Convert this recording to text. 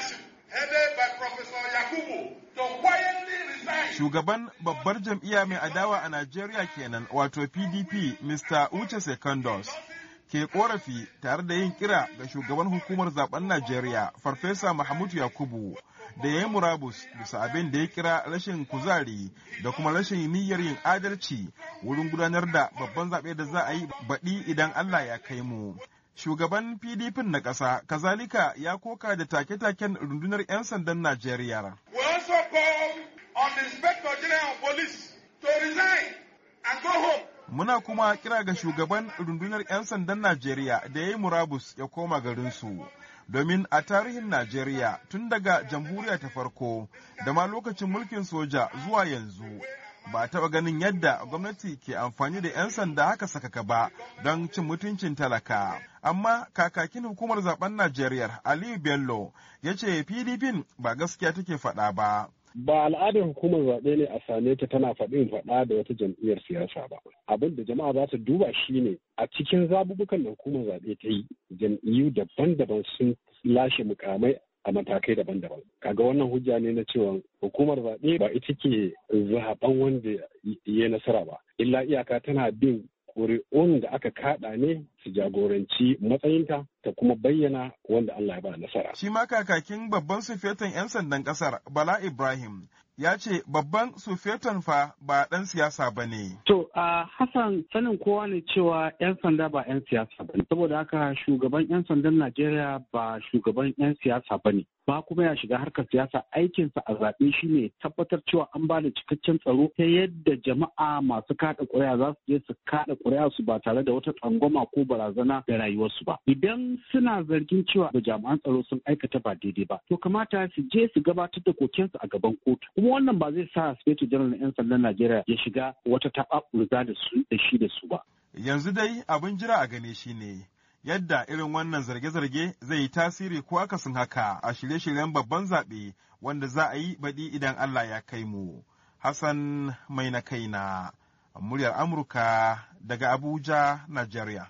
leadership headed by Professor Yakubu to quietly resign. Shugaban babbar jam'iyya mai adawa a Najeriya kenan wato PDP Mr. Uche Secondos. ke korafi tare da yin kira ga shugaban hukumar zaben Najeriya Farfesa Mahmud Yakubu da ya yi murabus bisa abin da ya kira rashin kuzari da kuma rashin niyyar yin adalci wurin gudanar da babban zaɓe da za a yi baɗi idan Allah ya kai mu. Shugaban PDP na ƙasa, kazalika ya koka da take-taken rundunar 'yan sandan Najeriya. Muna kuma kira ga shugaban rundunar 'yan sandan Najeriya da ya yi murabus ya koma garinsu. Domin a tarihin Najeriya tun daga jamhuriya ta farko da ma lokacin mulkin soja zuwa yanzu ba taɓa ganin yadda gwamnati ke amfani da 'yan sanda haka sakaka ba don cin mutuncin talaka. Amma kakakin hukumar zaben Najeriya Aliyu Bello ya ce PDP ba gaskiya take faɗa ba. ba al'adar hukumar zaɓe ne a same ta tana faɗin faɗa da wata jam'iyyar siyasa ba abin da jama'a za ta duba shi ne. a cikin zabubukan da hukumar zaɓe ta yi jam'iyyu daban-daban sun lashe mukamai a matakai daban-daban kaga wannan hujja ne na cewa hukumar zaɓe ba ita ke zaɓen wanda ya nasara ba illa iyaka tana bin ƙuri'un da aka kaɗa ne su jagoranci matsayinta ta kuma bayyana wanda Allah ya ba nasara. Shi ma kakakin babban sufetan 'yan sandan ƙasar Bala Ibrahim ya ce babban sufeton fa ba ɗan siyasa ba ne. To, a Hassan sanin kowa ne cewa 'yan sanda ba 'yan siyasa ba ne. Saboda haka shugaban 'yan sandan Najeriya ba shugaban 'yan siyasa ba ne. Ba kuma ya shiga harkar siyasa aikinsa a zaɓe shi ne tabbatar cewa an ba da cikakken tsaro ta yadda jama'a masu kaɗa ƙuri'a za su je su kaɗa ƙuri'a su ba tare da wata tsangwama ko barazana da rayuwarsu ba. Idan suna zargin cewa da jami'an tsaro sun aikata ba daidai ba, to kamata su je su gabatar da kokensu a gaban kotu. Kuma wannan ba zai sa Sufeto Janar 'yan sandan Najeriya ya shiga wata taɓa da su da shi da su ba. Yanzu dai abin jira a gane shi ne. yadda irin wannan zarge-zarge zai yi tasiri ko akasin haka a shirye-shiryen babban zaɓe wanda za a yi baɗi idan Allah ya kai mu. Hassan mai na kai na, muryar Amurka daga Abuja, Najeriya.